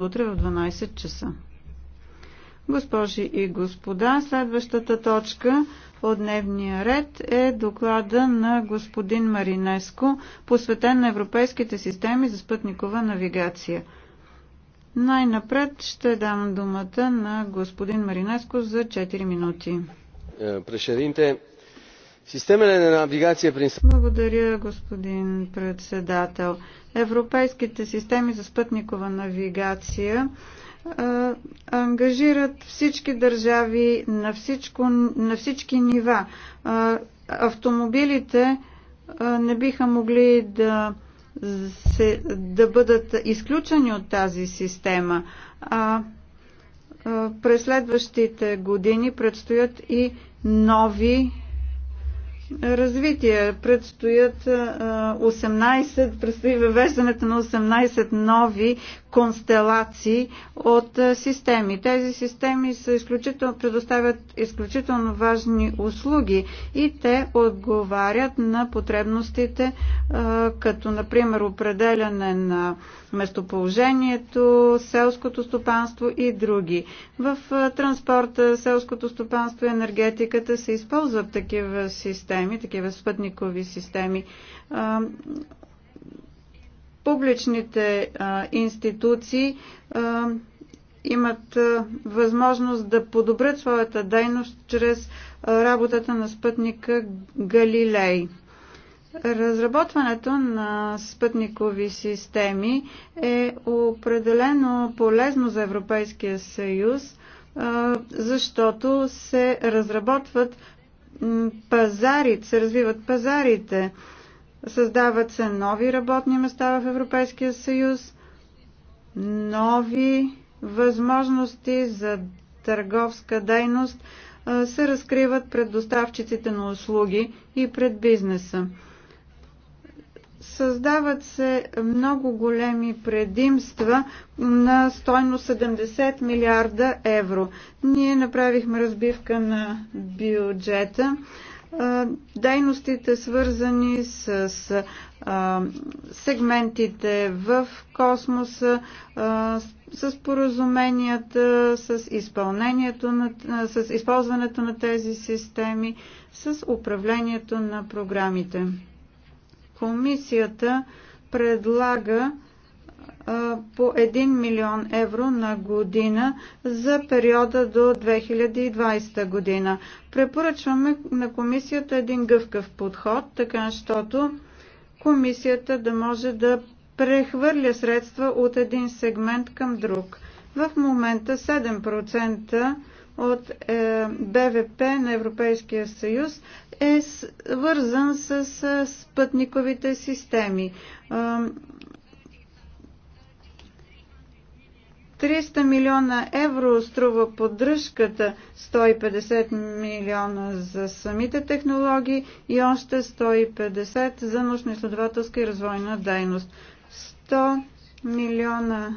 утре в 12 часа. Госпожи и господа, следващата точка от дневния ред е доклада на господин Маринеско, посветен на европейските системи за спътникова навигация. Най-напред ще дам думата на господин Маринеско за 4 минути. Е, Președinte, Системата на навигация при... Благодаря, господин председател. Европейските системи за спътникова навигация ангажират всички държави на, всичко, на всички нива. автомобилите не биха могли да, се, да бъдат изключени от тази система. А, през следващите години предстоят и нови развитие. Предстоят 18, предстои въвеждането на 18 нови констелации от системи. Тези системи са изключително, предоставят изключително важни услуги и те отговарят на потребностите, като например определяне на местоположението, селското стопанство и други. В транспорта, селското стопанство и енергетиката се използват такива системи, такива спътникови системи публичните институции имат възможност да подобрят своята дейност чрез работата на спътника Галилей. Разработването на спътникови системи е определено полезно за Европейския съюз, защото се разработват пазари, се развиват пазарите, създават се нови работни места в Европейския съюз, нови възможности за търговска дейност се разкриват пред доставчиците на услуги и пред бизнеса. Създават се много големи предимства на стойно 70 милиарда евро. Ние направихме разбивка на бюджета дейностите свързани с сегментите в космоса, с поразуменията, с, изпълнението на, с използването на тези системи, с управлението на програмите. Комисията предлага по 1 милион евро на година за периода до 2020 година. Препоръчваме на комисията един гъвкав подход, така щото комисията да може да прехвърля средства от един сегмент към друг. В момента 7% от е, БВП на Европейския съюз е свързан с спътниковите системи. 300 милиона евро струва поддръжката, 150 милиона за самите технологии и още 150 за научно-изследователска и развойна дейност. 100 милиона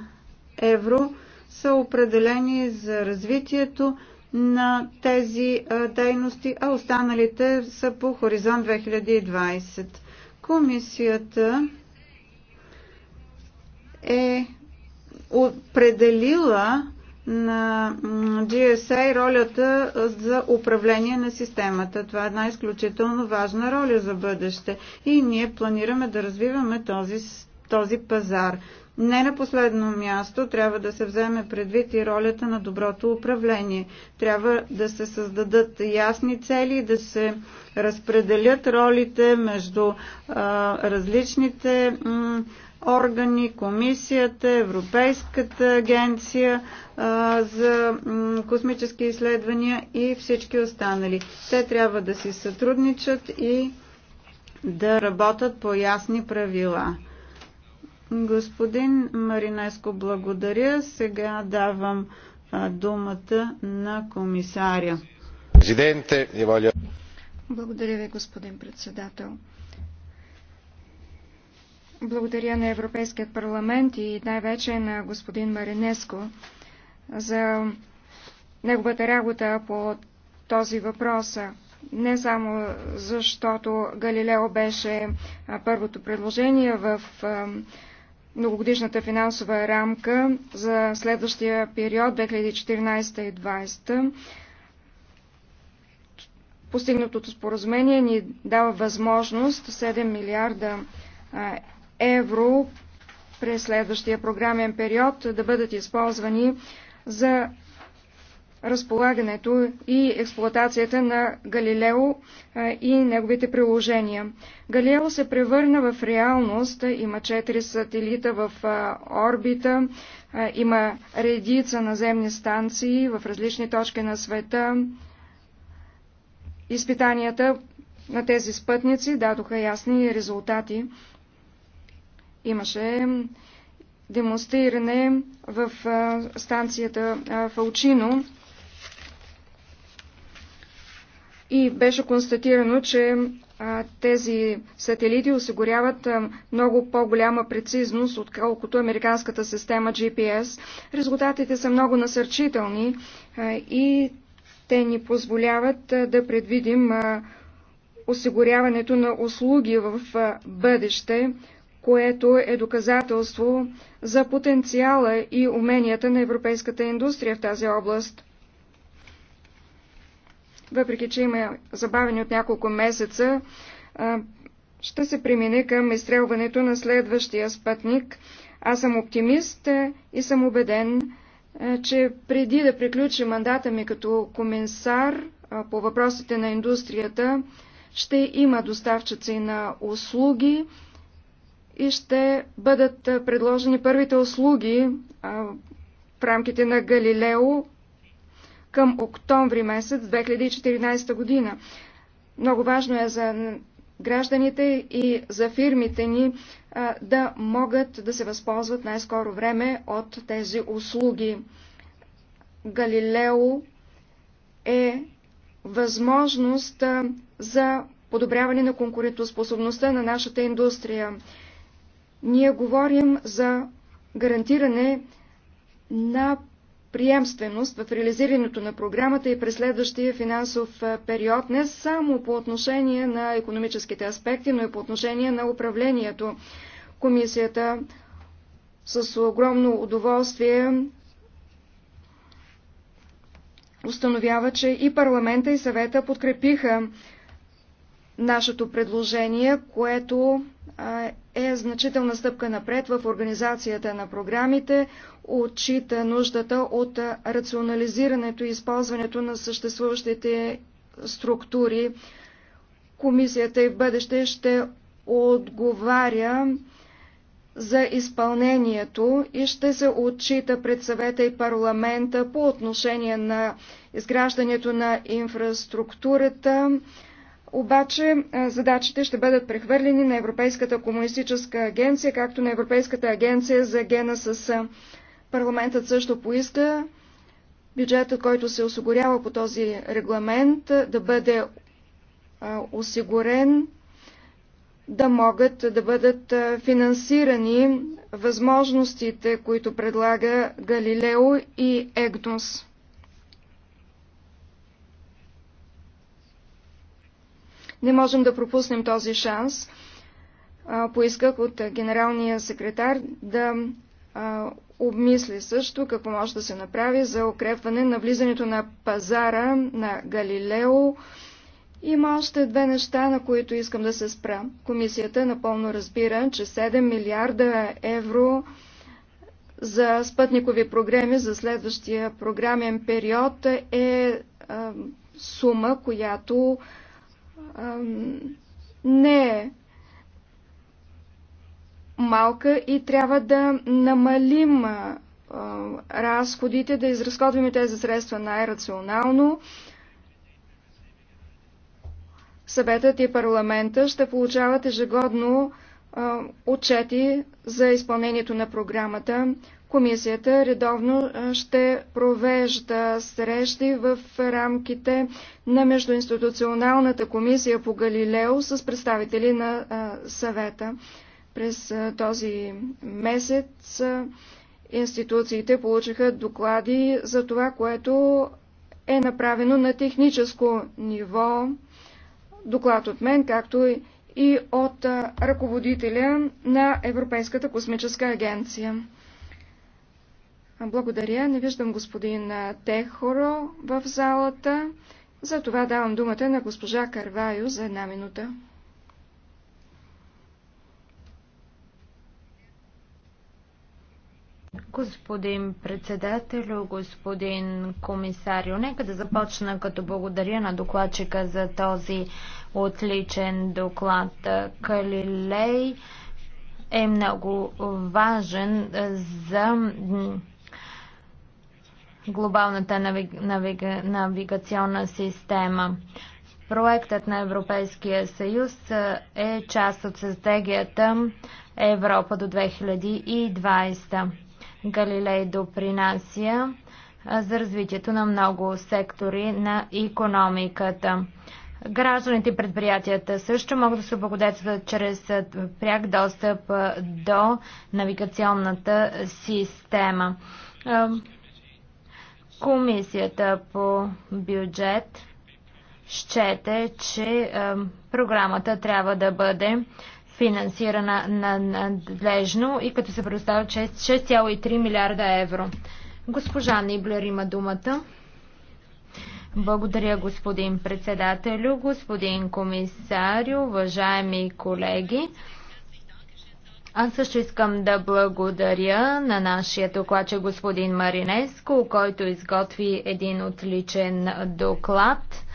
евро са определени за развитието на тези дейности, а останалите са по Хоризонт 2020. Комисията е определила на GSA ролята за управление на системата. Това е една изключително важна роля за бъдеще и ние планираме да развиваме този този пазар. Не на последно място трябва да се вземе предвид и ролята на доброто управление. Трябва да се създадат ясни цели, да се разпределят ролите между а, различните м, органи, комисията, Европейската агенция а, за м, космически изследвания и всички останали. Те трябва да си сътрудничат и да работят по ясни правила. Господин Маринеско, благодаря. Сега давам думата на комисаря. Благодаря ви, господин председател. Благодаря на Европейския парламент и най-вече на господин Маринеско за неговата работа по този въпрос. Не само защото Галилео беше първото предложение в многогодишната финансова рамка за следващия период 2014 и 2020. Постигнатото споразумение ни дава възможност 7 милиарда евро през следващия програмен период да бъдат използвани за разполагането и експлоатацията на Галилео и неговите приложения. Галилео се превърна в реалност, има 4 сателита в орбита, има редица наземни станции в различни точки на света. Изпитанията на тези спътници дадоха ясни резултати. Имаше демонстриране в станцията Фалчино и беше констатирано, че а, тези сателити осигуряват а, много по-голяма прецизност, отколкото американската система GPS. Резултатите са много насърчителни а, и те ни позволяват а, да предвидим а, осигуряването на услуги в а, бъдеще, което е доказателство за потенциала и уменията на европейската индустрия в тази област въпреки че има забавени от няколко месеца, ще се премине към изстрелването на следващия спътник. Аз съм оптимист и съм убеден, че преди да приключи мандата ми като комисар по въпросите на индустрията, ще има доставчици на услуги и ще бъдат предложени първите услуги в рамките на Галилео към октомври месец 2014 година. Много важно е за гражданите и за фирмите ни а, да могат да се възползват най-скоро време от тези услуги. Галилео е възможност за подобряване на конкурентоспособността на нашата индустрия. Ние говорим за гарантиране на приемственост в реализирането на програмата и през следващия финансов период, не само по отношение на економическите аспекти, но и по отношение на управлението. Комисията с огромно удоволствие установява, че и парламента и съвета подкрепиха нашето предложение, което е значителна стъпка напред в организацията на програмите, отчита нуждата от рационализирането и използването на съществуващите структури. Комисията и в бъдеще ще отговаря за изпълнението и ще се отчита пред съвета и парламента по отношение на изграждането на инфраструктурата, обаче е, задачите ще бъдат прехвърлени на Европейската комунистическа агенция, както на Европейската агенция за гена с е, парламентът също поиска бюджетът, който се осигурява по този регламент, да бъде е, осигурен, да могат да бъдат финансирани възможностите, които предлага Галилео и Егнос. Не можем да пропуснем този шанс. Поисках от генералния секретар да обмисли също какво може да се направи за укрепване на влизането на пазара на Галилео. Има още две неща, на които искам да се спра. Комисията напълно разбира, че 7 милиарда евро за спътникови програми за следващия програмен период е сума, която не е малка и трябва да намалим разходите, да изразходваме тези средства най-рационално. Съветът и парламента ще получават ежегодно отчети за изпълнението на програмата. Комисията редовно ще провежда срещи в рамките на Междуинституционалната комисия по Галилео с представители на съвета. През този месец институциите получиха доклади за това, което е направено на техническо ниво. Доклад от мен, както и от ръководителя на Европейската космическа агенция. Благодаря. Не виждам господин Техоро в залата. За това давам думата на госпожа Карвайо за една минута. Господин председател, господин комисарио, нека да започна като благодаря на докладчика за този отличен доклад. Калилей е много важен за глобалната навиг... Навиг... навигационна система. Проектът на Европейския съюз е част от стратегията Европа до 2020. Галилей допринася за развитието на много сектори на економиката. Гражданите и предприятията също могат да се облагодетстват чрез пряк достъп до навигационната система. Комисията по бюджет щете, че е, програмата трябва да бъде финансирана надлежно и като се предоставя 6,3 милиарда евро. Госпожа Ниблер има думата. Благодаря, господин председателю, господин комисарю, уважаеми колеги. Аз също искам да благодаря на нашия докладче господин Маринеско, който изготви един отличен доклад.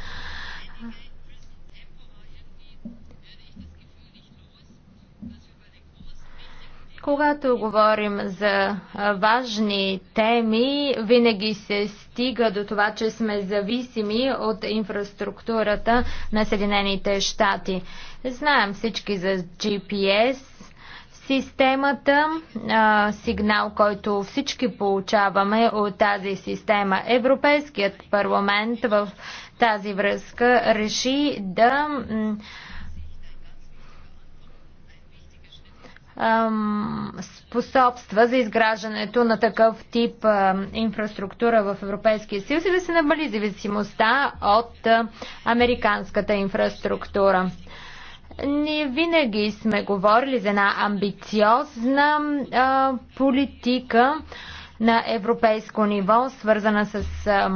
Когато говорим за важни теми, винаги се стига до това, че сме зависими от инфраструктурата на Съединените щати. Знаем всички за GPS, Системата, а, сигнал, който всички получаваме от тази система. Европейският парламент в тази връзка реши да способства за изграждането на такъв тип инфраструктура в Европейския съюз и да се намали зависимостта от американската инфраструктура. Ние винаги сме говорили за една амбициозна а, политика на европейско ниво, свързана с а,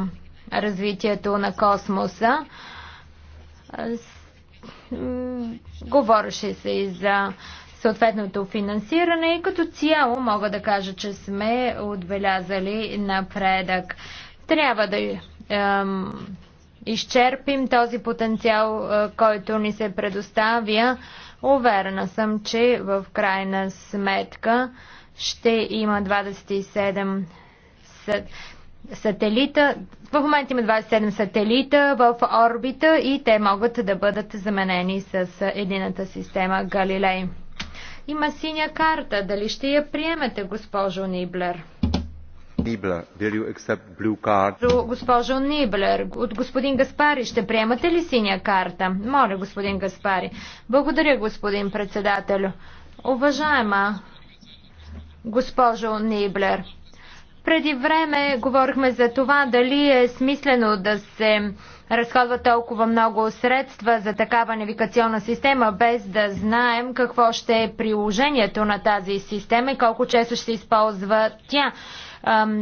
развитието на космоса. Говореше се и за съответното финансиране и като цяло мога да кажа, че сме отбелязали напредък. Трябва да изчерпим този потенциал, е, който ни се предоставя. Уверена съм, че в крайна сметка ще има 27 сателита. В момента има 27 сателита в орбита и те могат да бъдат заменени с едината система Галилей. Има синя карта. Дали ще я приемете, госпожо Ниблер? Госпожо Ниблер, от господин Гаспари ще приемате ли синя карта? Моля, господин Гаспари. Благодаря, господин председател. Уважаема госпожо Ниблер, преди време говорихме за това дали е смислено да се разходва толкова много средства за такава навигационна система, без да знаем какво ще е приложението на тази система и колко често ще се използва тя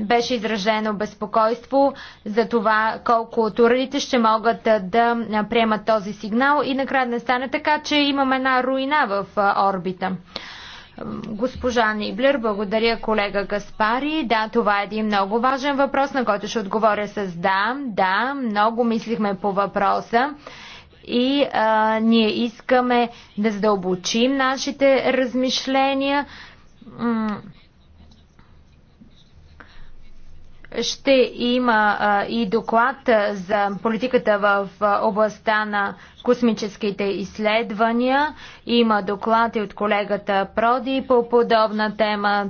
беше изражено безпокойство за това колко турите ще могат да приемат този сигнал и накрая не стане така, че имаме една руина в орбита. Госпожа Ниблер, благодаря колега Гаспари. Да, това е един много важен въпрос, на който ще отговоря с да. Да, много мислихме по въпроса и а, ние искаме да задълбочим нашите размишления. Ще има и доклад за политиката в областта на космическите изследвания. Има доклад и от колегата Проди по подобна тема,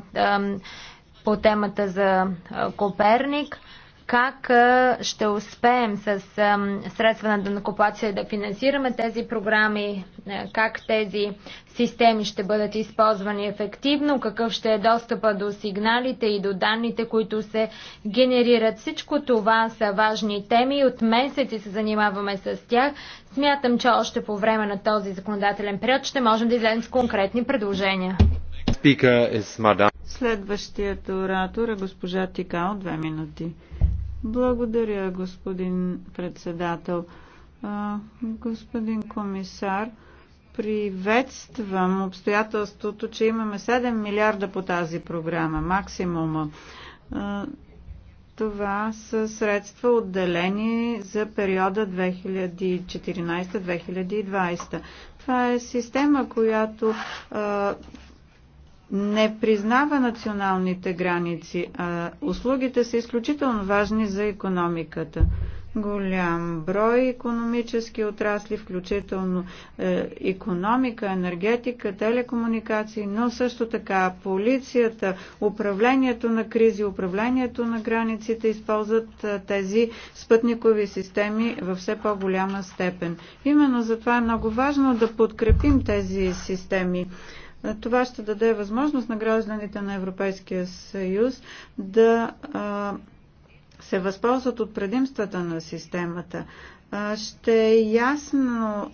по темата за Коперник как ще успеем с средства на данокоплация да финансираме тези програми, е, как тези системи ще бъдат използвани ефективно, какъв ще е достъпа до сигналите и до данните, които се генерират. Всичко това са важни теми. От месеци се занимаваме с тях. Смятам, че още по време на този законодателен период ще можем да излезем с конкретни предложения. Следващият оратор е госпожа Тикао, две минути. Благодаря, господин председател. Господин комисар, приветствам обстоятелството, че имаме 7 милиарда по тази програма, максимума. Това са средства отделени за периода 2014-2020. Това е система, която не признава националните граници, а услугите са изключително важни за економиката. Голям брой економически отрасли, включително е, економика, енергетика, телекомуникации, но също така полицията, управлението на кризи, управлението на границите използват е, тези спътникови системи във все по-голяма степен. Именно затова е много важно да подкрепим тези системи. Е, това ще даде възможност на гражданите на Европейския съюз да се възползват от предимствата на системата ще е ясно,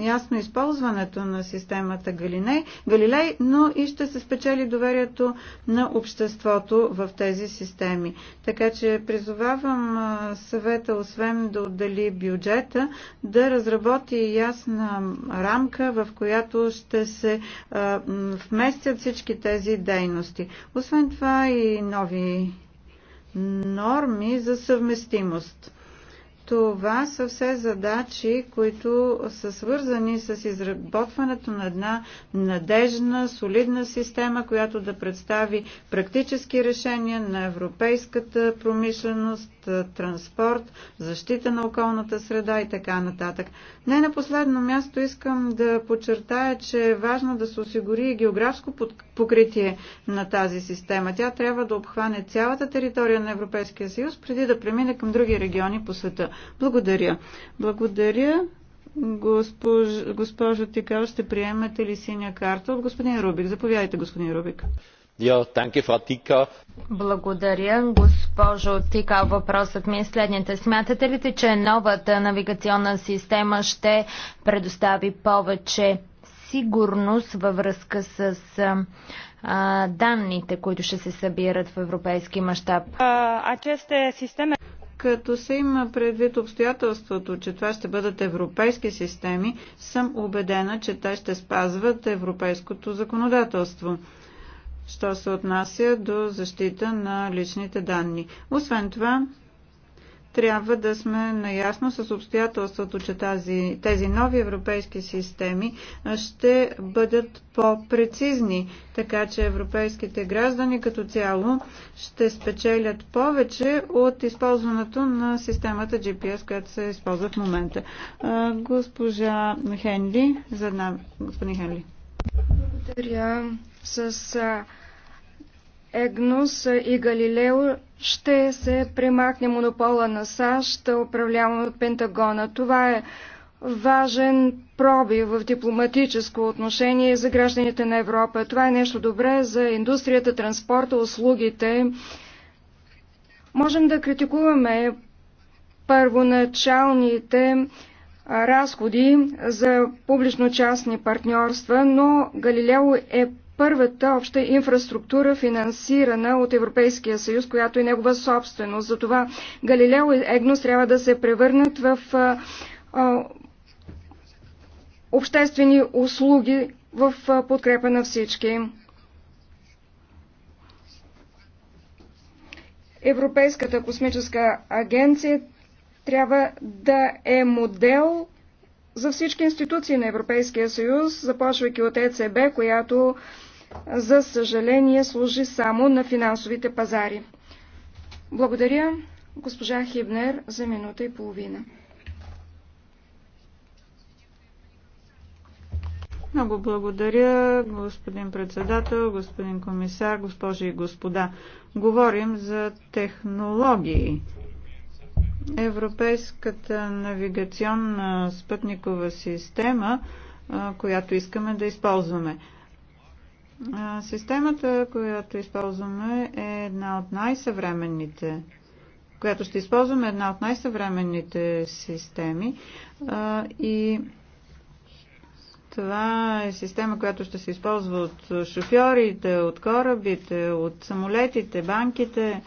ясно използването на системата Галилей, Галилей, но и ще се спечели доверието на обществото в тези системи. Така че призовавам съвета, освен да отдели бюджета, да разработи ясна рамка, в която ще се вместят всички тези дейности. Освен това и нови норми за съвместимост. Това са все задачи, които са свързани с изработването на една надежна, солидна система, която да представи практически решения на европейската промишленост, транспорт, защита на околната среда и така нататък. Не на последно място искам да подчертая, че е важно да се осигури географско покритие на тази система. Тя трябва да обхване цялата територия на Европейския съюз, преди да премине към други региони по света. Благодаря. Благодаря. Госпож... Госпожо Тикал, ще приемете ли синя карта от господин Рубик? Заповядайте, господин Рубик. Благодаря, госпожо Тика. Въпросът ми е следните. Смятате ли, че новата навигационна система ще предостави повече сигурност във връзка с а, данните, които ще се събират в европейски мащаб? Като се има предвид обстоятелството, че това ще бъдат европейски системи, съм убедена, че те ще спазват европейското законодателство що се отнася до защита на личните данни. Освен това, трябва да сме наясно с обстоятелството, че тази, тези нови европейски системи ще бъдат по-прецизни, така че европейските граждани като цяло ще спечелят повече от използването на системата GPS, която се използва в момента. Госпожа Хенли, за една, господин Хенли. Благодаря. С Егнус и Галилео ще се премахне монопола на САЩ, управляван от Пентагона. Това е важен пробив в дипломатическо отношение за гражданите на Европа. Това е нещо добре за индустрията, транспорта, услугите. Можем да критикуваме първоначалните разходи за публично-частни партньорства, но Галилео е първата обща инфраструктура, финансирана от Европейския съюз, която е негова собственост. Затова Галилео и Егнос трябва да се превърнат в а, а, обществени услуги в а, подкрепа на всички. Европейската космическа агенция трябва да е модел за всички институции на Европейския съюз, започвайки от ЕЦБ, която за съжаление служи само на финансовите пазари. Благодаря госпожа Хибнер за минута и половина. Много благодаря, господин председател, господин комисар, госпожи и господа. Говорим за технологии Европейската навигационна спътникова система, която искаме да използваме. Системата, която използваме е една от най-съвременните която ще използваме една от най-съвременните системи и това е система, която ще се използва от шофьорите, от корабите, от самолетите, банките,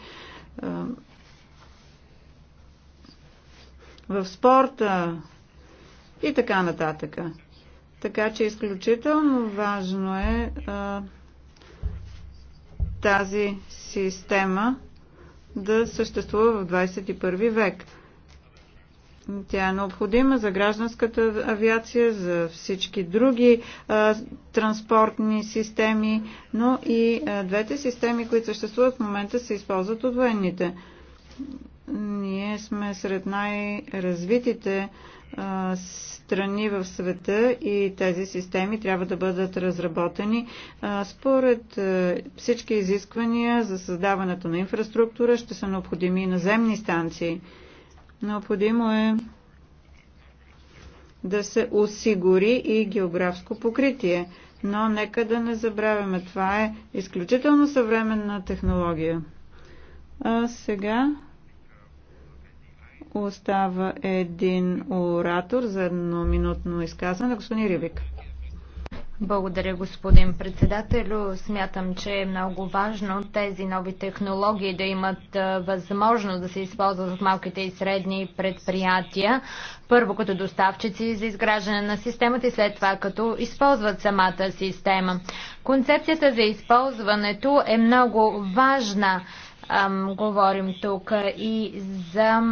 в спорта и така нататък. Така че изключително важно е а, тази система да съществува в 21 век. Тя е необходима за гражданската авиация, за всички други а, транспортни системи, но и а, двете системи, които съществуват в момента, се използват от военните. Ние сме сред най-развитите страни в света и тези системи трябва да бъдат разработени според всички изисквания за създаването на инфраструктура. Ще са необходими и наземни станции. Необходимо е да се осигури и географско покритие. Но нека да не забравяме, това е изключително съвременна технология. А сега остава един оратор за едно минутно изказване. Господин Ривик. Благодаря, господин председател. Смятам, че е много важно тези нови технологии да имат възможност да се използват в малките и средни предприятия. Първо като доставчици за изграждане на системата и след това като използват самата система. Концепцията за използването е много важна ам, говорим тук и за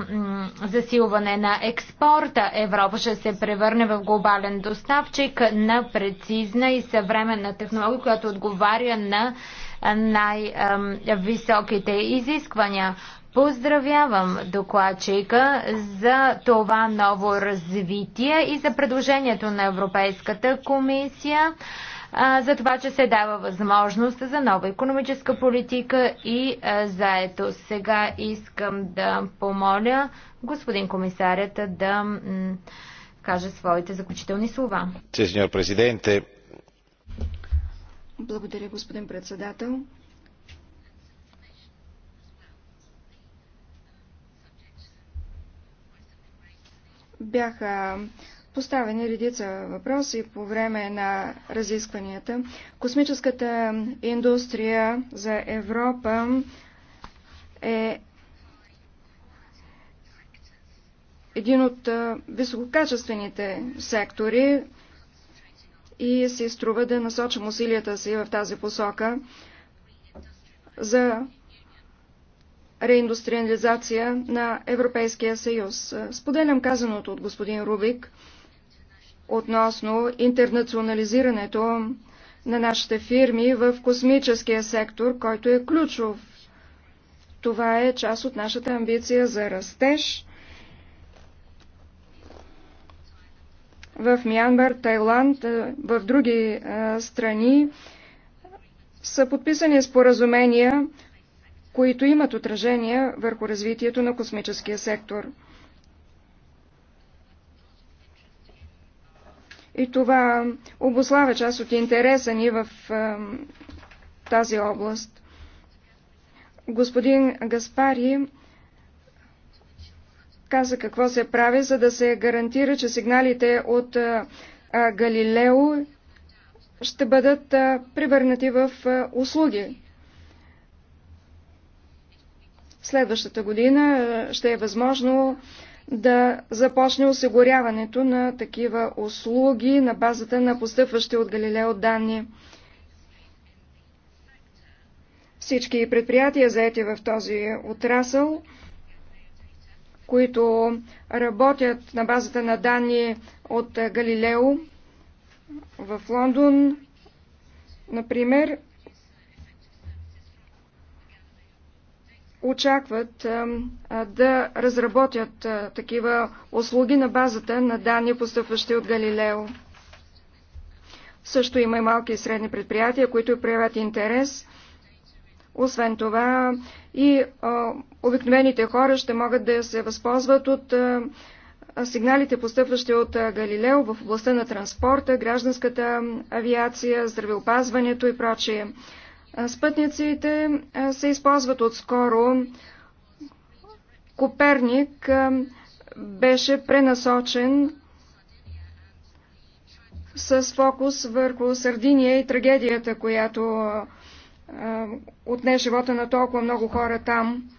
засилване на експорта. Европа ще се превърне в глобален доставчик на прецизна и съвременна технология, която отговаря на най-високите изисквания. Поздравявам докладчика за това ново развитие и за предложението на Европейската комисия за това, че се дава възможност за нова економическа политика и заето. Сега искам да помоля господин комисарята да каже своите заключителни слова. Благодаря, господин председател. бяха поставени редица въпроси по време на разискванията. Космическата индустрия за Европа е един от висококачествените сектори и се струва да насочим усилията си в тази посока за реиндустриализация на Европейския съюз. Споделям казаното от господин Рубик – относно интернационализирането на нашите фирми в космическия сектор, който е ключов. Това е част от нашата амбиция за растеж в Мянбар, Тайланд, в други а, страни са подписани споразумения, които имат отражение върху развитието на космическия сектор. И това обославя част от интереса ни в тази област. Господин Гаспари каза какво се прави, за да се гарантира, че сигналите от Галилео ще бъдат превърнати в услуги. Следващата година ще е възможно да започне осигуряването на такива услуги на базата на постъпващи от Галилео данни. Всички предприятия, заети в този отрасъл, които работят на базата на данни от Галилео в Лондон, например, очакват да разработят такива услуги на базата на данни, постъпващи от Галилео. Също има и малки и средни предприятия, които проявят интерес. Освен това и а, обикновените хора ще могат да се възползват от а, сигналите, постъпващи от а, Галилео в областта на транспорта, гражданската авиация, здравеопазването и прочие. Спътниците се използват отскоро. Коперник беше пренасочен с фокус върху Сардиния и трагедията, която отне живота на толкова много хора там.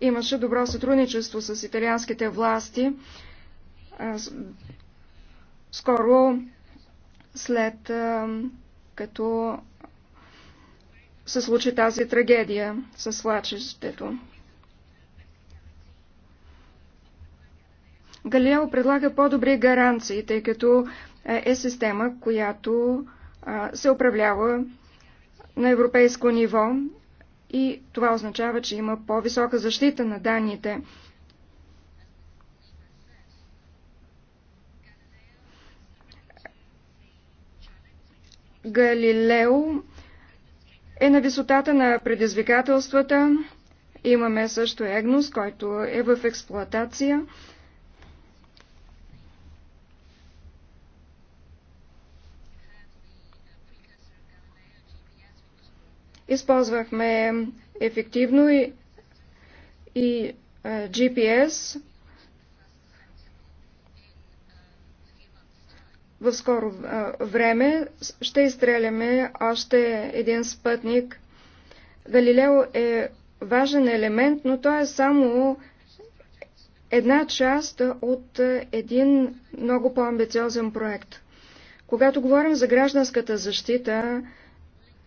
Имаше добро сътрудничество с италианските власти. Скоро след като се случи тази трагедия с свлачището. Галилео предлага по-добри гаранции, тъй като е, е система, която се управлява на европейско ниво и това означава, че има по-висока защита на данните. Галилео е на висотата на предизвикателствата. Имаме също Егнус, който е в експлоатация. Използвахме ефективно и, и е, GPS в скоро време ще изстреляме още един спътник. Галилео е важен елемент, но той е само една част от един много по-амбициозен проект. Когато говорим за гражданската защита,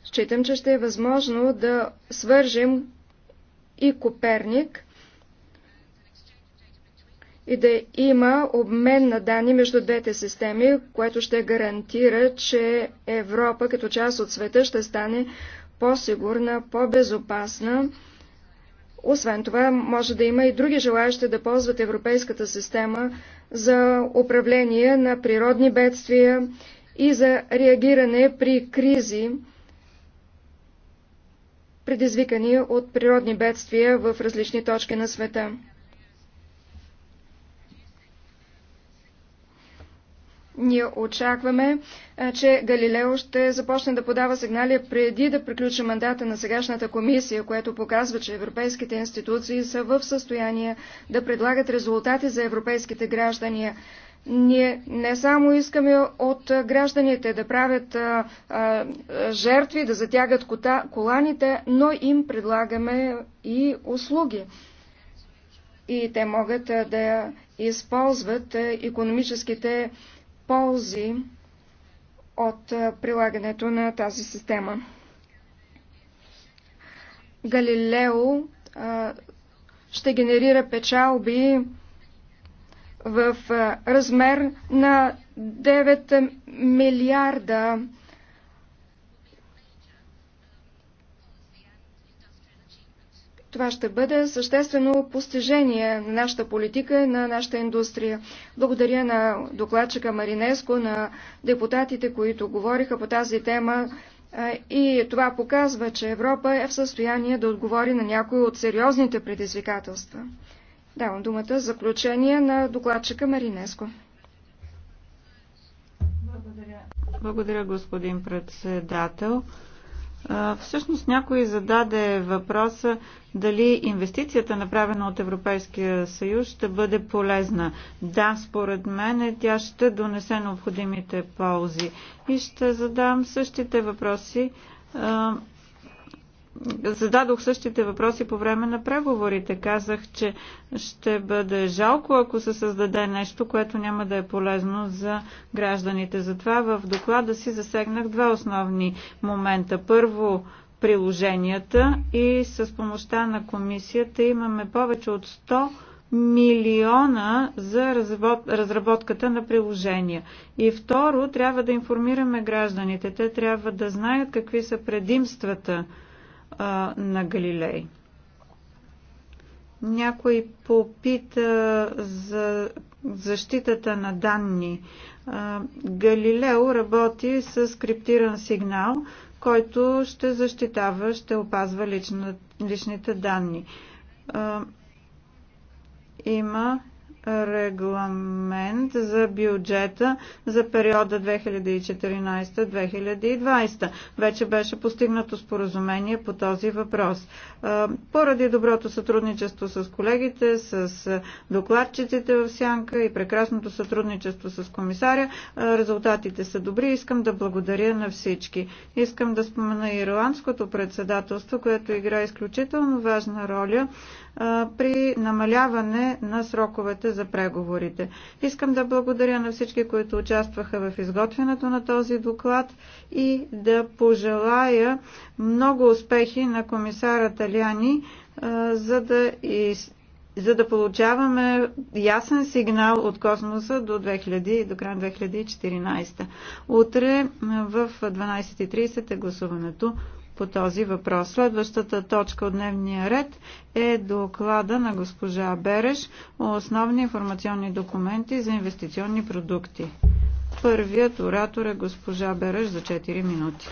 считам, че ще е възможно да свържем и Коперник и да има обмен на данни между двете системи, което ще гарантира, че Европа като част от света ще стане по-сигурна, по-безопасна. Освен това, може да има и други желаящи да ползват европейската система за управление на природни бедствия и за реагиране при кризи, предизвикани от природни бедствия в различни точки на света. Ние очакваме, че Галилео ще започне да подава сигнали преди да приключи мандата на сегашната комисия, което показва, че европейските институции са в състояние да предлагат резултати за европейските граждани. Ние не само искаме от гражданите да правят а, а, жертви, да затягат кота, коланите, но им предлагаме и услуги. И те могат да използват економическите а, ползи от прилагането на тази система. Галилео ще генерира печалби в размер на 9 милиарда Това ще бъде съществено постижение на нашата политика и на нашата индустрия. Благодаря на докладчика Маринеско, на депутатите, които говориха по тази тема. И това показва, че Европа е в състояние да отговори на някои от сериозните предизвикателства. Давам думата за заключение на докладчика Маринеско. Благодаря. Благодаря, господин председател. Всъщност някой зададе въпроса дали инвестицията, направена от Европейския съюз, ще бъде полезна. Да, според мен тя ще донесе необходимите ползи. И ще задам същите въпроси зададох същите въпроси по време на преговорите. Казах, че ще бъде жалко, ако се създаде нещо, което няма да е полезно за гражданите. Затова в доклада си засегнах два основни момента. Първо, приложенията и с помощта на комисията имаме повече от 100 милиона за разработката на приложения. И второ, трябва да информираме гражданите. Те трябва да знаят какви са предимствата а, на Галилей. Някой попита за защитата на данни. А, Галилео работи с криптиран сигнал, който ще защитава, ще опазва лична, личните данни. А, има регламент за бюджета за периода 2014-2020. Вече беше постигнато споразумение по този въпрос. Поради доброто сътрудничество с колегите, с докладчиците в Сянка и прекрасното сътрудничество с комисаря, резултатите са добри. Искам да благодаря на всички. Искам да спомена ирландското председателство, което игра изключително важна роля при намаляване на сроковете за преговорите. Искам да благодаря на всички, които участваха в изготвянето на този доклад и да пожелая много успехи на комисара Таляни, за да из за да получаваме ясен сигнал от космоса до, 2000, до края 2014. Утре в 12.30 е гласуването по този въпрос. Следващата точка от дневния ред е доклада на госпожа Береш основни информационни документи за инвестиционни продукти. Първият оратор е госпожа Береш за 4 минути.